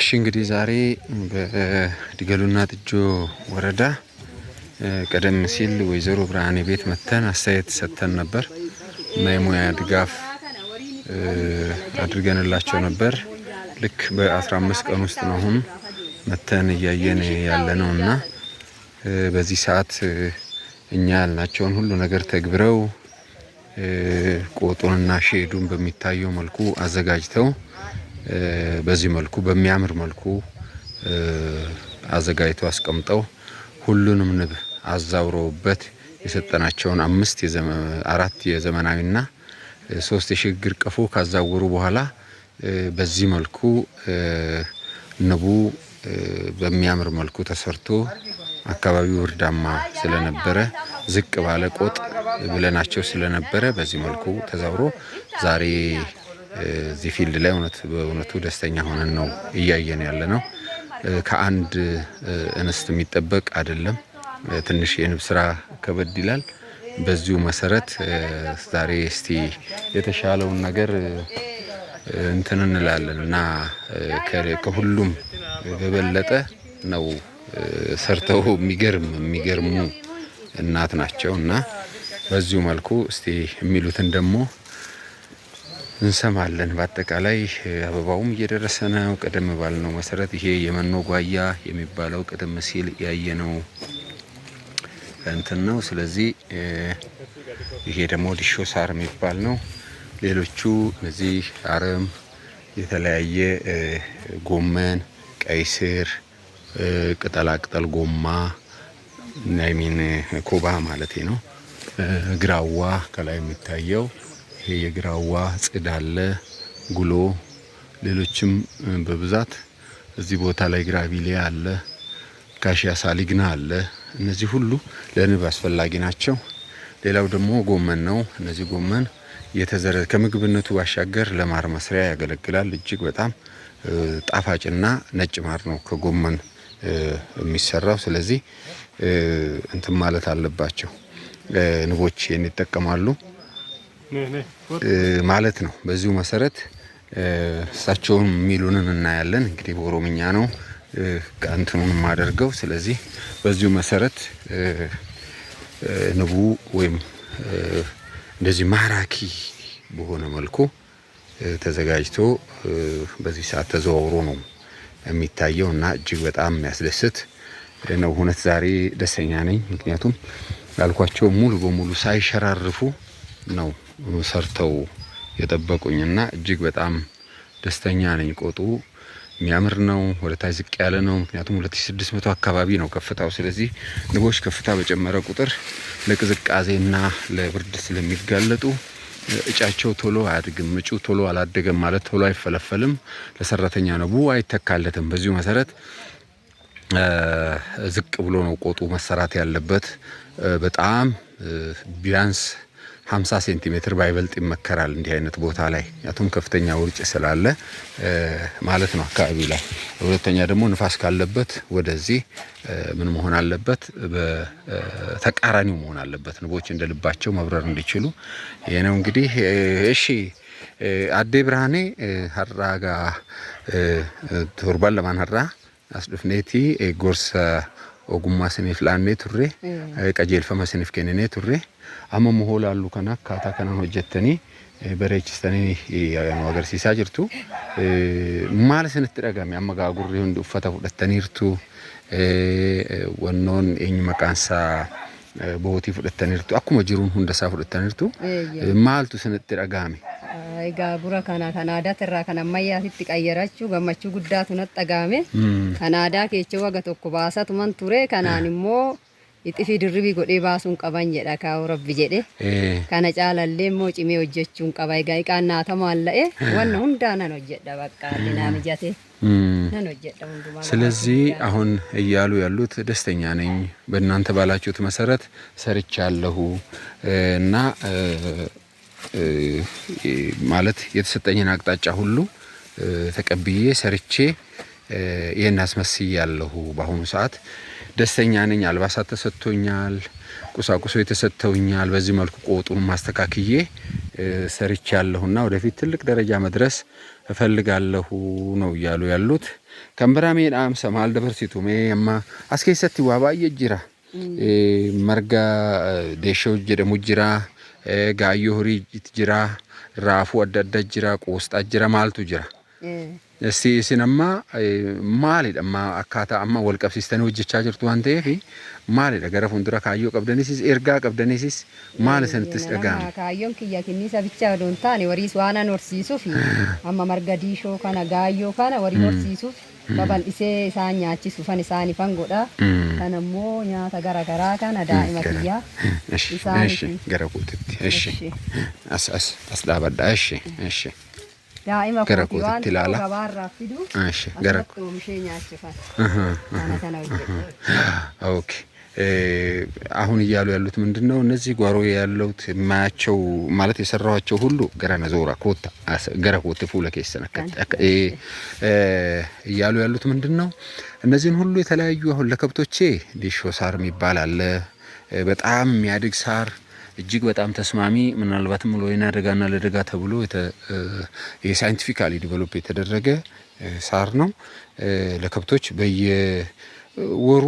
እሺ እንግዲህ ዛሬ በድገሉና ጥጆ ወረዳ ቀደም ሲል ወይዘሮ ብርሃኔ ቤት መተን አስተያየት ሰጥተን ነበር እና የሙያ ድጋፍ አድርገንላቸው ነበር። ልክ በ15 ቀን ውስጥ ነው አሁን መተን እያየን ያለ ነው እና በዚህ ሰዓት እኛ ያልናቸውን ሁሉ ነገር ተግብረው ቆጡንና ሼዱን በሚታየው መልኩ አዘጋጅተው በዚህ መልኩ በሚያምር መልኩ አዘጋጅተው አስቀምጠው ሁሉንም ንብ አዛውረውበት የሰጠናቸውን አምስት አራት የዘመናዊና ሶስት የሽግግር ቀፎ ካዛወሩ በኋላ በዚህ መልኩ ንቡ በሚያምር መልኩ ተሰርቶ አካባቢው ውርዳማ ስለነበረ ዝቅ ባለ ቆጥ ብለናቸው ስለነበረ በዚህ መልኩ ተዛውሮ ዛሬ እዚህ ፊልድ ላይ በእውነቱ ደስተኛ ሆነን ነው እያየን ያለ ነው። ከአንድ እንስት የሚጠበቅ አይደለም። ትንሽ የንብ ስራ ከበድ ይላል። በዚሁ መሰረት ዛሬ እስቲ የተሻለውን ነገር እንትን እንላለን እና ከሁሉም በበለጠ ነው ሰርተው የሚገርም የሚገርሙ እናት ናቸው እና በዚሁ መልኩ እስቲ የሚሉትን ደግሞ እንሰማለን። በአጠቃላይ አበባውም እየደረሰ ነው። ቀደም ባልነው መሰረት ይሄ የመኖ ጓያ የሚባለው ቀደም ሲል ያየነው እንትን ነው። ስለዚህ ይሄ ደግሞ ዲሾ ሳር የሚባል ነው። ሌሎቹ እነዚህ አረም፣ የተለያየ ጎመን፣ ቀይ ስር፣ ቅጠላቅጠል፣ ጎማ ናይሚን ኮባ ማለት ነው። ግራዋ ከላይ የሚታየው ይሄ የግራዋ ጽድ አለ፣ ጉሎ፣ ሌሎችም በብዛት እዚህ ቦታ ላይ ግራቪሌ አለ፣ ጋሽያ ሳሊግና አለ። እነዚህ ሁሉ ለንብ አስፈላጊ ናቸው። ሌላው ደግሞ ጎመን ነው። እነዚህ ጎመን የተዘረ ከምግብነቱ ባሻገር ለማር መስሪያ ያገለግላል። እጅግ በጣም ጣፋጭና ነጭ ማር ነው ከጎመን የሚሰራው። ስለዚህ እንትን ማለት አለባቸው። ንቦች ይጠቀማሉ ማለት ነው። በዚሁ መሰረት እሳቸውን የሚሉንን እናያለን። እንግዲህ በኦሮምኛ ነው ቀንትኑን የማደርገው። ስለዚህ በዚሁ መሰረት ንቡ ወይም እንደዚህ ማራኪ በሆነ መልኩ ተዘጋጅቶ በዚህ ሰዓት ተዘዋውሮ ነው የሚታየው እና እጅግ በጣም የሚያስደስት ነው እውነት ዛሬ ደስተኛ ነኝ። ምክንያቱም ላልኳቸው ሙሉ በሙሉ ሳይሸራርፉ ነው ሰርተው የጠበቁኝ እና እጅግ በጣም ደስተኛ ነኝ። ቆጡ የሚያምር ነው። ወደ ታች ዝቅ ያለ ነው። ምክንያቱም 2600 አካባቢ ነው ከፍታው። ስለዚህ ንቦች ከፍታ በጨመረ ቁጥር ለቅዝቃዜና ለብርድ ስለሚጋለጡ እጫቸው ቶሎ አያድግም። እጩ ቶሎ አላደገም ማለት ቶሎ አይፈለፈልም፣ ለሰራተኛ ነቡ አይተካለትም። በዚሁ መሰረት ዝቅ ብሎ ነው ቆጡ መሰራት ያለበት። በጣም ቢያንስ 50 ሴንቲሜትር ባይበልጥ ይመከራል እንዲህ አይነት ቦታ ላይ ያቱም ከፍተኛ ውርጭ ስላለ ማለት ነው አካባቢ ላይ። ሁለተኛ ደግሞ ንፋስ ካለበት ወደዚህ ምን መሆን አለበት? በተቃራኒው መሆን አለበት። ንቦች እንደ ልባቸው መብረር እንዲችሉ። ይህ ነው እንግዲህ። እሺ አዴ ብርሃኔ ሀራጋ ቱርባን ለማን ሀራ as dhufneeti eh, gorsa ogummaa isiniif laannee turre mm. eh, qajeelfama isiniif kenninee turre amma immoo hola halluu kana akkaataa kanaan hojjettanii eh, bareechistanii agarsiisaa jirtu. Maal isinitti dhagame amma gaagurri hundi uffata fudhattaniirtu wannoon eenyu maqaansaa bootii fudhattaniirtu akkuma jiruun hundasaa fudhattaniirtu maaltu isinitti dhagame? egaa bura kana kan aadaatirraa kan ammayyaatitti qayyarachuu gammachuu guddaatu natti dhagahame. Kan aadaa keecha waga tokko tuman ture kanaan immoo ixifii dirribii godhee baasuun qaban jedha kaa'u rabbi jedhe. Kana caalallee immoo cimee hojjechuun qaba egaa iqaan naatamaan la'e wanna hundaa nan hojjedha bakka naa mijate nan hojjedha hundumaa. ስለዚህ አሁን እያሉ ያሉት ደስተኛ ነኝ በእናንተ ባላችሁት መሰረት ሰርቻለሁ እና ማለት የተሰጠኝን አቅጣጫ ሁሉ ተቀብዬ ሰርቼ ይህን አስመስዬ ያለሁ በአሁኑ ሰዓት ደስተኛ ነኝ። አልባሳት ተሰጥቶኛል፣ ቁሳቁሶ የተሰጥተውኛል። በዚህ መልኩ ቆጡን ማስተካክዬ ሰርቼ ያለሁና ወደፊት ትልቅ ደረጃ መድረስ እፈልጋለሁ ነው እያሉ ያሉት። ከንበራሜን አምሰ ማልደበርሲቱ ማ አስኬሰት ዋባ የጅራ መርጋ ዴሾ ጀደሙ ጅራ gaayyoo horiitu jira, raafuu adda addaa jira, qoosxaa jira, maaltu jira. Isin amma maalidha amma akkaataa amma wal qabsiistanii hojjechaa jirtu waan ta'eef maalidha gara fuuldura kaayyoo qabdaniisis ergaa qabdaniisis maal isinittis dhaga'ama. Kaayyoon kiyya kinnii sabicha odoon taane wariis waanan fi amma marga diishoo kana gaayyoo kana warii hmm. horsiisuuf. babal'isee isaan nyaachisu fan isaanii fangoodha. Kan ammoo nyaata garaagaraa kana daa'ima kiyyaa isaaniifi. Gara kuutitti. Eshi. As as as dhaabadha. Eshi. Eshi. Daa'ima kuutii waan tokko gabaarraa fidu. Eshi. Gara kuutii. Asirratti oomishee nyaachifata. Kana kana hojjetu. Okay. አሁን እያሉ ያሉት ምንድን ነው? እነዚህ ጓሮ ያለውት የማያቸው ማለት የሰራኋቸው ሁሉ ገረነ ዞራ ኮታ ገረ ኮት ፉለ ኬስ እያሉ ያሉት ምንድን ነው? እነዚህን ሁሉ የተለያዩ አሁን ለከብቶቼ ዲሾ ሳር የሚባል አለ። በጣም የሚያድግ ሳር እጅግ በጣም ተስማሚ ምናልባትም ለወይና አደጋና ለደጋ ተብሎ የሳይንቲፊካሊ ዲቨሎፕ የተደረገ ሳር ነው። ለከብቶች በየ ወሩ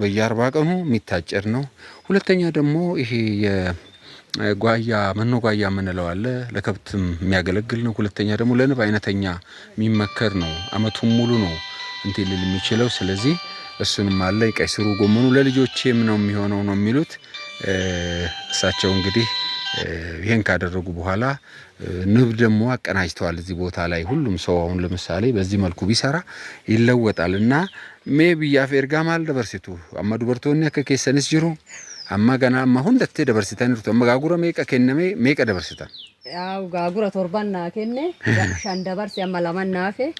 በየአርባ ቀኑ የሚታጨድ ነው። ሁለተኛ ደግሞ ይሄ የጓያ መኖ ጓያ የምንለው አለ ለከብትም የሚያገለግል ነው። ሁለተኛ ደግሞ ለንብ አይነተኛ የሚመከር ነው። አመቱን ሙሉ ነው እንትን ልል የሚችለው ስለዚህ እሱንም አለ። ቀይ ስሩ ጎመኑ ለልጆቼም ነው የሚሆነው ነው የሚሉት እሳቸው እንግዲህ ይህን ካደረጉ በኋላ ንብ ደግሞ አቀናጅተዋል። እዚህ ቦታ ላይ ሁሉም ሰው አሁን ለምሳሌ በዚህ መልኩ ቢሰራ ይለወጣል እና ሜቢ ብያ ፌርጋ ማል ደበርሲቱ አማ ዱበርቶኒ አከ ኬሰንስ ጅሩ አማ ገና አማ ሁንደቴ ደበርሲተን ርቱ አማ ጋጉረ ሜቀ ኬነሜ ሜቀ ደበርሲተን gaagura torban naa kenne shan dabarse amma laman naafe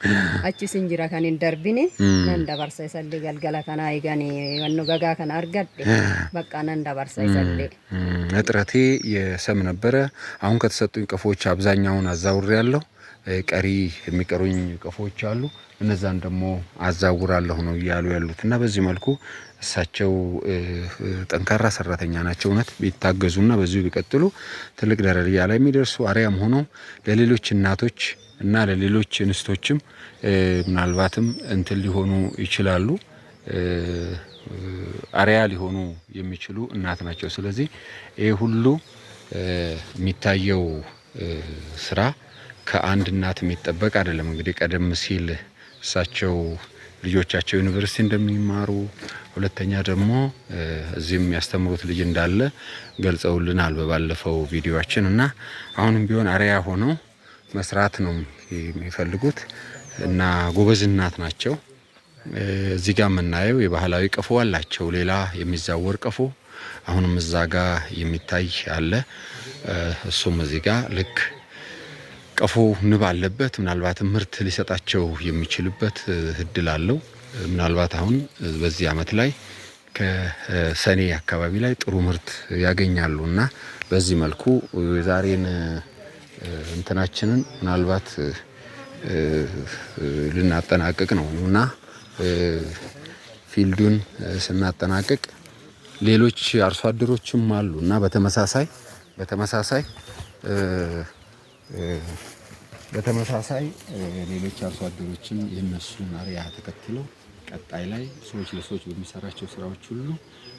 achisin jira kan hin darbine nan dabarsa isallee galgala kanaa eeganii wanno gagaa kana argadde በቃ ነን ዳባርሳ ይዘሌ እጥረቴ የሰም ነበረ። አሁን ከተሰጡኝ ቀፎች አብዛኛውን አዛውሬ ያለሁ ቀሪ የሚቀሩኝ ቀፎዎች አሉ። እነዛን ደግሞ አዛውራለሁ ነው እያሉ ያሉት እና በዚህ መልኩ እሳቸው ጠንካራ ሰራተኛ ናቸው። እውነት ቢታገዙና በዚሁ ቢቀጥሉ ትልቅ ደረጃ ላይ የሚደርሱ አርያም ሆነው ለሌሎች እናቶች እና ለሌሎች እንስቶችም ምናልባትም እንትን ሊሆኑ ይችላሉ አርያ ሊሆኑ የሚችሉ እናት ናቸው። ስለዚህ ይህ ሁሉ የሚታየው ስራ ከአንድ እናት የሚጠበቅ አይደለም። እንግዲህ ቀደም ሲል እሳቸው ልጆቻቸው ዩኒቨርሲቲ እንደሚማሩ ሁለተኛ ደግሞ እዚህም የሚያስተምሩት ልጅ እንዳለ ገልጸውልናል በባለፈው ቪዲዮችን እና አሁንም ቢሆን አሪያ ሆነው መስራት ነው የሚፈልጉት እና ጎበዝ እናት ናቸው። እዚህ ጋር የምናየው የባህላዊ ቀፎ አላቸው። ሌላ የሚዛወር ቀፎ አሁንም እዛ ጋር የሚታይ አለ። እሱም እዚህ ጋር ልክ ቀፎ ንብ አለበት። ምናልባትም ምርት ሊሰጣቸው የሚችልበት እድል አለው። ምናልባት አሁን በዚህ አመት ላይ ከሰኔ አካባቢ ላይ ጥሩ ምርት ያገኛሉ እና በዚህ መልኩ የዛሬን እንትናችንን ምናልባት ልናጠናቅቅ ነው እና ፊልዱን ስናጠናቅቅ ሌሎች አርሶ አደሮችም አሉ እና በተመሳሳይ በተመሳሳይ በተመሳሳይ ሌሎች አርሶ አደሮችም የእነሱን አርያ ተከትለው ቀጣይ ላይ ሰዎች ለሰዎች በሚሰራቸው ስራዎች ሁሉ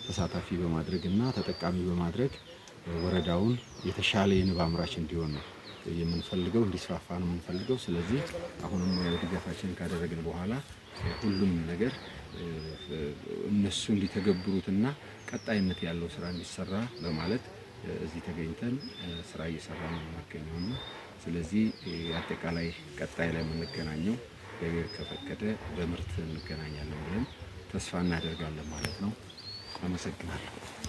ተሳታፊ በማድረግ እና ተጠቃሚ በማድረግ ወረዳውን የተሻለ የንብ አምራች እንዲሆን ነው የምንፈልገው፣ እንዲስፋፋ ነው የምንፈልገው። ስለዚህ አሁንም ድጋፋችን ካደረግን በኋላ ሁሉም ነገር እነሱ እንዲተገብሩትና ቀጣይነት ያለው ስራ እንዲሰራ በማለት እዚህ ተገኝተን ስራ እየሰራ ነው የምንገኘው እና ስለዚህ አጠቃላይ ቀጣይ ላይ የምንገናኘው እግዚአብሔር ከፈቀደ በምርት እንገናኛለን ብለን ተስፋ እናደርጋለን ማለት ነው። አመሰግናለሁ።